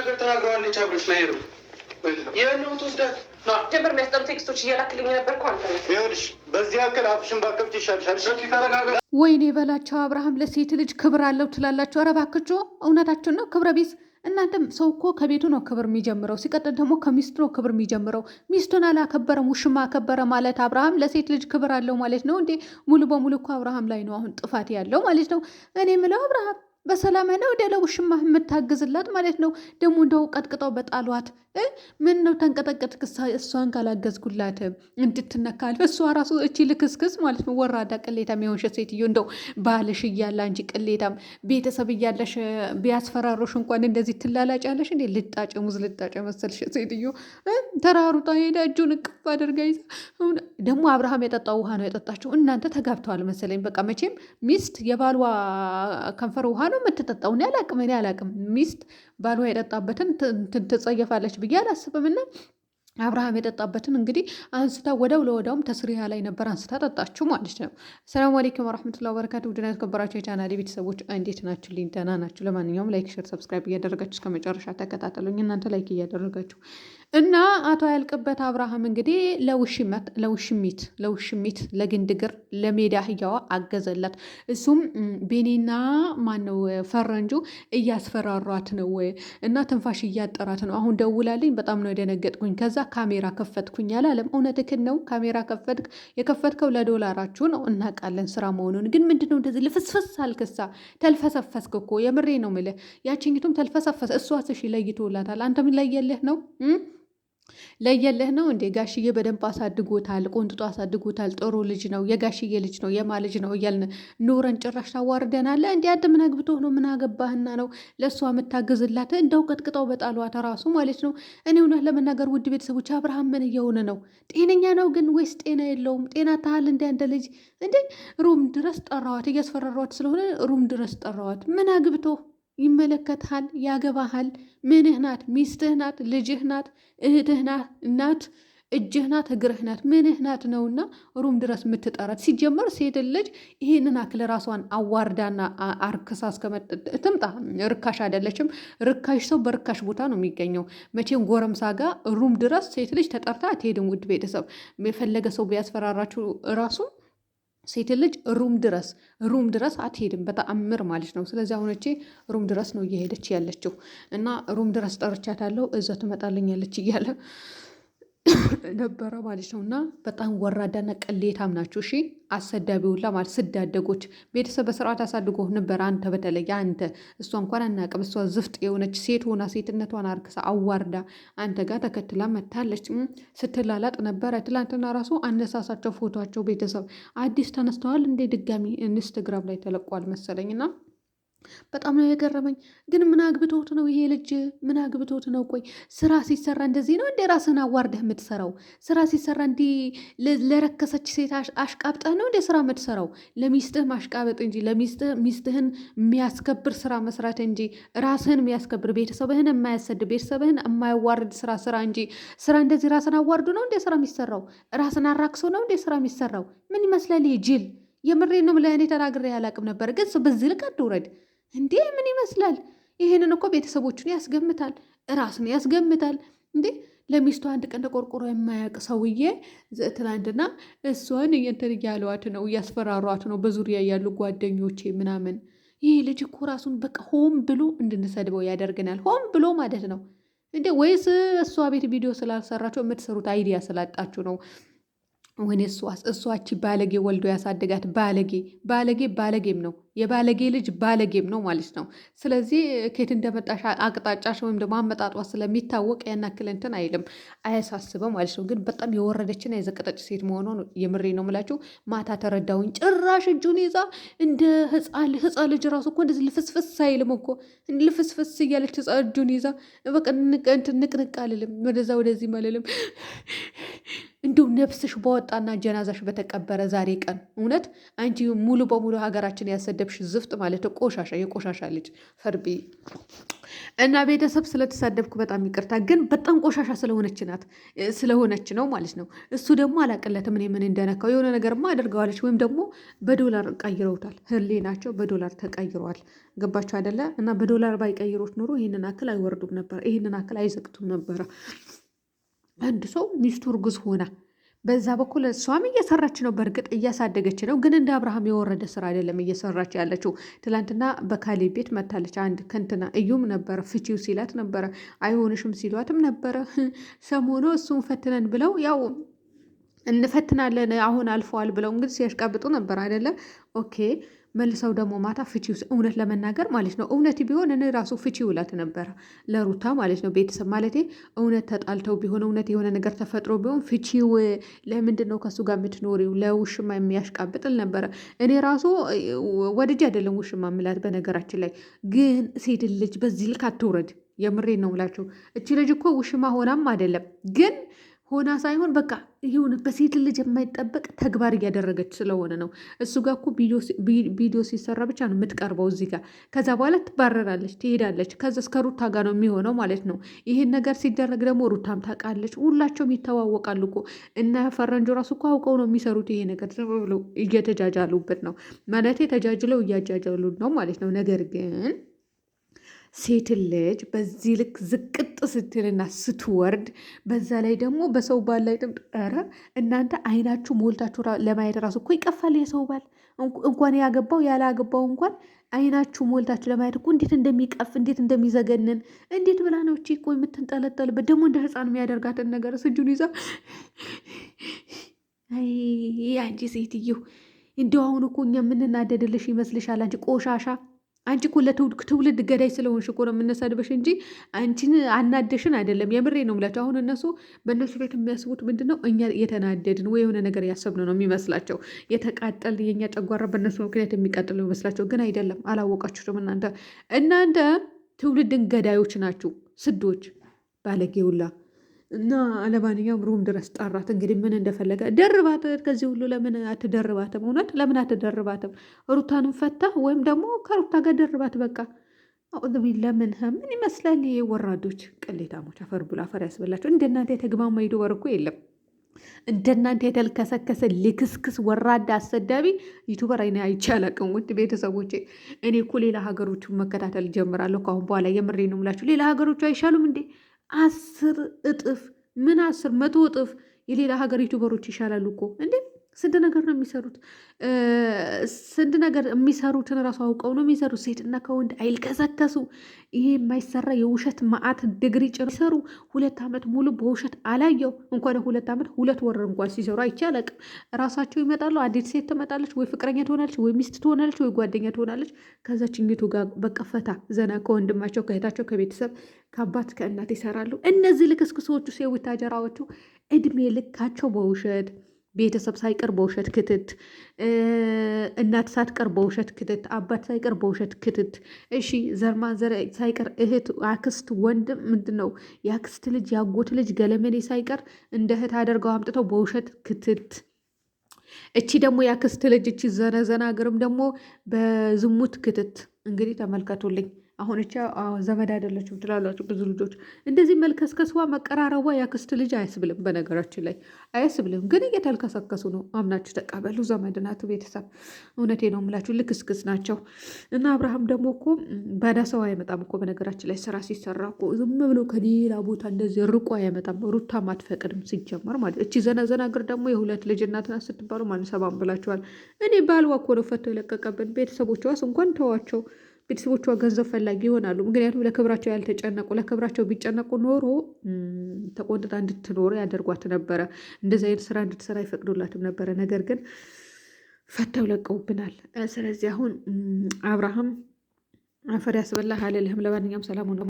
ነገር ተናግረዋለች አብረሽ ላይ ነው ይህን ትወስዳት ጀምር የሚያስጠሩ ቴክስቶች እየላክልኝ ነበር እኮ ይኸውልሽ፣ በዚህ ያክል አፍሽን ባከብት ይሻልሻል። ወይኔ በላቸው አብርሃም ለሴት ልጅ ክብር አለው ትላላቸው። ኧረ እባክሽ እውነታችን ነው ክብረ ቢስ እናንተም ሰው እኮ ከቤቱ ነው ክብር የሚጀምረው። ሲቀጥል ደግሞ ከሚስቱ ነው ክብር የሚጀምረው። ሚስቱን አላከበረም ውሽማ አከበረ ማለት አብርሃም ለሴት ልጅ ክብር አለው ማለት ነው እንዴ? ሙሉ በሙሉ እኮ አብርሃም ላይ ነው አሁን ጥፋት ያለው ማለት ነው። እኔ ምለው አብርሃም በሰላም ነው ወደ ለውሽማ የምታግዝላት ማለት ነው። ደግሞ እንደው ቀጥቅጠው በጣሏት ምን ነው ተንቀጠቀጥ ክሳ እሷን ካላገዝጉላት እንድትነካል እሷ ራሱ እቺ ልክስክስ ማለት ነው። ወራዳ ቅሌታም የሆንሽ ሴትዮ እንደው ባልሽ እያለ አንቺ ቅሌታም ቤተሰብ እያለሽ ቢያስፈራሮሽ እንኳን እንደዚህ ትላላጫለሽ እንዴ? ልጣጭ ሙዝ ልጣጭ መሰልሽ ሴትዮ ተራሩጣ ሄዳ እጁን እቅፍ አድርጋ ይዛ ደግሞ አብርሃም የጠጣው ውሃ ነው የጠጣቸው። እናንተ ተጋብተዋል መሰለኝ። በቃ መቼም ሚስት የባልዋ ከንፈር ውሃ ነው የምትጠጣው። እኔ አላቅም እኔ አላቅም። ሚስት ባሏ የጠጣበትን ትጸየፋለች ብዬ አላስብምና አብርሃም የጠጣበትን እንግዲህ አንስታ ወደው ለወዳውም ተስሪያ ላይ ነበር አንስታ ጠጣችሁ ማለት ነው። ሰላም አሌይኩም ወረሕመቱላ ወበረካቱ። ውድና የተከበራችሁ የቻናሌ ቤተሰቦች እንዴት ናችሁ? ልኝ ደህና ናችሁ? ለማንኛውም ላይክ፣ ሸር፣ ሰብስክራይብ እያደረጋችሁ እስከ መጨረሻ ተከታተሉኝ። እናንተ ላይክ እያደረጋችሁ እና አቶ ያልቅበት አብርሃም እንግዲህ ለውሽመት ለውሽሚት ለውሽሚት ለግንድግር ለሜዳ አህያዋ አገዘላት። እሱም ቤኔና ማነው ፈረንጁ እያስፈራሯት ነው እና ትንፋሽ እያጠራት ነው። አሁን ደውላልኝ በጣም ነው የደነገጥኩኝ። ከዛ ካሜራ ከፈትኩኝ አላለም። እውነትህን ነው ካሜራ ከፈትክ። የከፈትከው ለዶላራችሁ ነው እናውቃለን፣ ስራ መሆኑን ግን ምንድነው እንደዚህ ልፍስፍስ አልክሳ? ተልፈሰፈስክ እኮ የምሬ ነው ምልህ። ያችኝቱም ተልፈሰፈስ። እሷ ስሽ ለይቶላታል። አንተም ለየልህ ነው ለየለህ ነው እንዴ? ጋሽዬ በደንብ አሳድጎታል፣ ቆንጥጦ አሳድጎታል። ጥሩ ልጅ ነው፣ የጋሽዬ ልጅ ነው፣ የማ ልጅ ነው እያልን ኖረን ጭራሽ ታዋርደናለ። እንዲ አንድ ምን አግብቶ ነው ምን አገባህና ነው ለእሷ የምታግዝላት? እንደው ቀጥቅጠው በጣሏት ራሱ ማለት ነው። እኔ እውነት ለመናገር ውድ ቤተሰቦች አብርሃም ምን እየሆነ ነው? ጤነኛ ነው ግን ወይስ ጤና የለውም? ጤና ታህል እንዲ አንድ ልጅ እንዴ ሩም ድረስ ጠራዋት፣ እያስፈራሯት ስለሆነ ሩም ድረስ ጠራዋት። ምን ይመለከታል፣ ያገባሃል። ምንህ ናት? ሚስትህ ናት፣ ልጅህ ናት፣ እህትህ ናት፣ እጅህ ናት፣ እግርህ ናት፣ ምንህ ናት ነውና ሩም ድረስ የምትጠራት። ሲጀመር ሴት ልጅ ይህንን አክል ራሷን አዋርዳና አርክሳ እስከመትምጣ ርካሽ አይደለችም። ርካሽ ሰው በርካሽ ቦታ ነው የሚገኘው። መቼም ጎረምሳ ጋር ሩም ድረስ ሴት ልጅ ተጠርታ አትሄድም። ውድ ቤተሰብ የፈለገ ሰው ቢያስፈራራችሁ ራሱ ሴት ልጅ ሩም ድረስ ሩም ድረስ አትሄድም፣ በተአምር ማለት ነው። ስለዚህ አሁን ሩም ድረስ ነው እየሄደች ያለችው እና ሩም ድረስ ጠርቻታለሁ እዛ ትመጣልኛለች እያለ ነበረ ማለት ነው። እና በጣም ወራዳና ቅሌታም ናችሁ። እሺ አሰዳቢውላ ማለት ስዳደጎች ቤተሰብ በስርዓት አሳድጎ ነበር። አንተ በተለይ አንተ እሷ እንኳን አናቅም። እሷ ዝፍጥ የሆነች ሴት ሆና ሴትነቷን አርክሳ አዋርዳ አንተ ጋር ተከትላ መታለች። ስትላላጥ ነበረ። ትላንትና ራሱ አነሳሳቸው ፎቷቸው ቤተሰብ አዲስ ተነስተዋል እንዴ ድጋሚ ኢንስትግራም ላይ ተለቋል መሰለኝና በጣም ነው የገረመኝ። ግን ምን አግብቶት ነው ይሄ ልጅ? ምን አግብቶት ነው? ቆይ ስራ ሲሰራ እንደዚህ ነው እንዴ? ራስን አዋርደህ የምትሰራው ስራ ሲሰራ እንዲህ ለረከሰች ሴት አሽቃብጠህ ነው እንዴ ስራ የምትሰራው? ለሚስትህ ማሽቃበጥ እንጂ ለሚስትህ ሚስትህን የሚያስከብር ስራ መስራት እንጂ ራስህን የሚያስከብር ቤተሰብህን የማያሰድ ቤተሰብህን የማያዋርድ ስራ ስራ እንጂ ስራ እንደዚህ ራስን አዋርዱ ነው እንዴ ስራ የሚሰራው? ራስን አራክሶ ነው እንዴ ስራ የሚሰራው? ምን ይመስላል ይህ ጅል? የምሬን ነው። ለእኔ ተናግሬ አላቅም ነበር፣ ግን በዚህ ልክ አትውረድ። እንዴ ምን ይመስላል? ይሄንን እኮ ቤተሰቦቹን ያስገምታል፣ ራስን ያስገምታል። እንዴ ለሚስቱ አንድ ቀን ተቆርቆሮ የማያውቅ ሰውዬ ትናንትና እሷን እንትን እያለዋት ነው፣ እያስፈራሯት ነው በዙሪያ ያሉ ጓደኞቼ ምናምን። ይህ ልጅ እኮ ራሱን በቃ ሆም ብሎ እንድንሰድበው ያደርገናል። ሆም ብሎ ማለት ነው እንዴ? ወይስ እሷ ቤት ቪዲዮ ስላልሰራችሁ የምትሰሩት አይዲያ ስላጣችሁ ነው? ወይኔ እሷስ እሷች ባለጌ ወልዶ ያሳደጋት ባለጌ ባለጌ ባለጌም ነው የባለጌ ልጅ ባለጌም ነው ማለት ነው። ስለዚህ ኬት እንደመጣሽ አቅጣጫሽ ወይም ደግሞ አመጣጧ ስለሚታወቅ ያን እንትን አይልም አያሳስበም ማለት ነው። ግን በጣም የወረደችና የዘቀጠጭ ሴት መሆኗን የምሬ ነው የምላችሁ። ማታ ተረዳሁኝ። ጭራሽ እጁን ይዛ እንደ ህፃን ልጅ ራሱ እኮ እንደዚህ ልፍስፍስ አይልም እኮ ልፍስፍስ እያለች እጁን ይዛ በቃ ንቅንቅ አልልም ወደዛ ወደዚህ መልልም እንዲሁም ነፍስሽ በወጣና ጀናዛሽ በተቀበረ ዛሬ ቀን እውነት አንቺ ሙሉ በሙሉ ሀገራችን ያሰደብሽ ዝፍጥ ማለት ቆሻሻ፣ የቆሻሻ ልጅ ፈርቢ እና ቤተሰብ ስለተሳደብኩ በጣም ይቅርታ። ግን በጣም ቆሻሻ ስለሆነች ናት ስለሆነች ነው ማለት ነው። እሱ ደግሞ አላቅለትም እኔ ምን እንደነካው የሆነ ነገርማ አድርገዋለች፣ ወይም ደግሞ በዶላር ቀይረውታል። ህሌ ናቸው በዶላር ተቀይረዋል። ገባቸው አይደለ? እና በዶላር ባይቀይሮች ኑሮ ይህንን አክል አይወርዱም ነበር፣ ይህንን አክል አይዘግቱም ነበረ። አንድ ሰው ሚስቱ እርጉዝ ሆና በዛ በኩል እሷም እየሰራች ነው። በእርግጥ እያሳደገች ነው፣ ግን እንደ አብርሃም የወረደ ስራ አይደለም እየሰራች ያለችው። ትላንትና በካሌ ቤት መታለች። አንድ ከንትና እዩም ነበረ ፍቺው ሲላት ነበረ፣ አይሆንሽም ሲሏትም ነበረ። ሰሞኑ እሱን ፈትነን ብለው ያው እንፈትናለን አሁን አልፈዋል ብለው እንግዲህ ሲያሽቃብጡ ነበር አይደለም ኦኬ መልሰው ደግሞ ማታ ፍቺ እውነት ለመናገር ማለት ነው እውነት ቢሆን እኔ ራሱ ፍቺ ውላት ነበረ ለሩታ ማለት ነው። ቤተሰብ ማለቴ እውነት ተጣልተው ቢሆን እውነት የሆነ ነገር ተፈጥሮ ቢሆን ፍቺው ለምንድን ነው ከሱ ጋር የምትኖሪው? ለውሽማ የሚያሽቃብጥል ነበረ። እኔ ራሱ ወድጅ አይደለም ውሽማ ምላት። በነገራችን ላይ ግን ሴት ልጅ በዚህ ልክ አትውረድ። የምሬ ነው ምላችሁ። እቺ ልጅ እኮ ውሽማ ሆናም አይደለም ግን ሆና ሳይሆን በቃ ይሁን በሴት ልጅ የማይጠበቅ ተግባር እያደረገች ስለሆነ ነው። እሱ ጋር እኮ ቪዲዮ ሲሰራ ብቻ ነው የምትቀርበው እዚህ ጋር። ከዛ በኋላ ትባረራለች፣ ትሄዳለች። ከዛ እስከ ሩታ ጋር ነው የሚሆነው ማለት ነው። ይሄን ነገር ሲደረግ ደግሞ ሩታም ታውቃለች። ሁላቸውም ይተዋወቃሉ እኮ እና ፈረንጆ ራሱ እኮ አውቀው ነው የሚሰሩት። ይሄ ነገር ዝም ብለው እየተጃጃሉበት ነው ማለት ተጃጅለው እያጃጃሉ ነው ማለት ነው። ነገር ግን ሴት ልጅ በዚህ ልክ ዝቅጥ ስትልና ስትወርድ፣ በዛ ላይ ደግሞ በሰው ባል ላይ ኧረ እናንተ አይናችሁ ሞልታችሁ ለማየት ራሱ እኮ ይቀፋል። የሰው ባል እንኳን ያገባው ያላገባው እንኳን አይናችሁ ሞልታችሁ ለማየት እኮ እንዴት እንደሚቀፍ እንዴት እንደሚዘገንን እንዴት ብላ ነው እቺ ቆይ የምትንጠለጠልበት ደግሞ እንደ ህፃን የሚያደርጋትን ነገር ስጁን ይዛ አንቺ ሴትዮ እንደው አሁን እኮ እኛ የምንናደድልሽ ይመስልሻል? አንቺ ቆሻሻ አንቺ እኮ ለትውልድ ገዳይ ስለሆንሽ እኮ ነው የምነሳድበሽ እንጂ አንቺን አናደሽን አይደለም። የምሬ ነው የምላቸው። አሁን እነሱ በእነሱ ቤት የሚያስቡት ምንድን ነው? እኛ የተናደድን ወይ የሆነ ነገር ያሰብን ነው የሚመስላቸው። የተቃጠል የእኛ ጨጓራ በእነሱ ምክንያት የሚቃጠል የሚመስላቸው ግን አይደለም። አላወቃችሁም እናንተ እናንተ ትውልድን ገዳዮች ናችሁ። ስዶች ባለጌውላ እና ለማንኛውም ሩም ድረስ ጠራት። እንግዲህ ምን እንደፈለገ ደርባት። ከዚህ ሁሉ ለምን አትደርባትም? እውነት ለምን አትደርባትም? ሩታንም ፈታ ወይም ደግሞ ከሩታ ጋር ደርባት። በቃ ለምን ምን ይመስላል? ወራዶች፣ ቅሌታሞች፣ አፈር ብሎ አፈር ያስበላቸው። እንደናንተ የተግማማ ሂዶ ወር እኮ የለም። እንደናንተ የተልከሰከሰ ልክስክስ ወራዳ አሰዳቢ ዩቱበር አይነ አይቻላቅም። ውድ ቤተሰቦች፣ እኔ እኮ ሌላ ሀገሮቹን መከታተል ጀምራለሁ ከአሁን በኋላ። የምሬ ነው የምላችሁ። ሌላ ሀገሮቹ አይሻሉም እንዴ? አስር እጥፍ ምን አስር መቶ እጥፍ የሌላ ሀገር ዩቱበሮች ይሻላሉ እኮ እንዴ ስንት ነገር ነው የሚሰሩት። ስንት ነገር የሚሰሩትን ራሱ አውቀው ነው የሚሰሩት። ሴትና ከወንድ አይልከሰከሱ። ይሄ የማይሰራ የውሸት መዓት ድግሪ ጭር ሲሰሩ ሁለት ዓመት ሙሉ በውሸት አላየው እንኳን ሁለት ዓመት ሁለት ወር እንኳን ሲሰሩ አይቼ አላቅም። ራሳቸው ይመጣሉ። አዲስ ሴት ትመጣለች፣ ወይ ፍቅረኛ ትሆናለች፣ ወይ ሚስት ትሆናለች፣ ወይ ጓደኛ ትሆናለች። ከዛ ችኝቱ ጋር በቀፈታ ዘና ከወንድማቸው ከእህታቸው ከቤተሰብ ከአባት ከእናት ይሰራሉ። እነዚህ ልክስክሶቹ ሴዊታጀራዎቹ እድሜ ልካቸው በውሸት ቤተሰብ ሳይቀር በውሸት ክትት፣ እናት ሳትቀር በውሸት ክትት፣ አባት ሳይቀር በውሸት ክትት። እሺ ዘር ሳይቀር እህት፣ አክስት፣ ወንድም ምንድን ነው የአክስት ልጅ ያጎት ልጅ ገለመኔ ሳይቀር እንደ እህት አደርገው አምጥተው በውሸት ክትት። እቺ ደግሞ የአክስት ልጅ እቺ ዘነዘና ግርም ደግሞ በዝሙት ክትት። እንግዲህ ተመልከቱልኝ። አሁን እቻ ዘመድ አይደለችም ትላላችሁ ብዙ ልጆች። እንደዚህ መልከስከስዋ መቀራረቧ ያክስት ልጅ አያስብልም፣ በነገራችን ላይ አያስብልም። ግን እየተልከሰከሱ ነው። አምናችሁ ተቀበሉ። ዘመድ ናት ቤተሰብ። እውነቴ ነው የምላችሁ፣ ልክስክስ ናቸው። እና አብርሃም ደግሞ እኮ ባዳ ሰው አይመጣም እኮ በነገራችን ላይ ስራ ሲሰራ እኮ ዝም ብሎ ከሌላ ቦታ እንደዚህ ርቆ አይመጣም። ሩታ ማትፈቅድም ሲጀመር ማለት እቺ ዘነዘናግር ደግሞ የሁለት ልጅ እናትና ስትባሉ ማለት ሰባም ብላችኋል። እኔ ባልዋ እኮ ነው ፈቶ የለቀቀብን ቤተሰቦቿስ እንኳን ተዋቸው። ቤተሰቦቿ ገንዘብ ፈላጊ ይሆናሉ። ምክንያቱም ለክብራቸው ያልተጨነቁ ለክብራቸው ቢጨነቁ ኖሮ ተቆንጥጣ እንድትኖር ያደርጓት ነበረ። እንደዚ አይነት ስራ እንድትሰራ ይፈቅዱላትም ነበረ። ነገር ግን ፈተው ለቀውብናል። ስለዚህ አሁን አብርሃም አፈር ያስበላህ አልልህም። ለማንኛውም ሰላም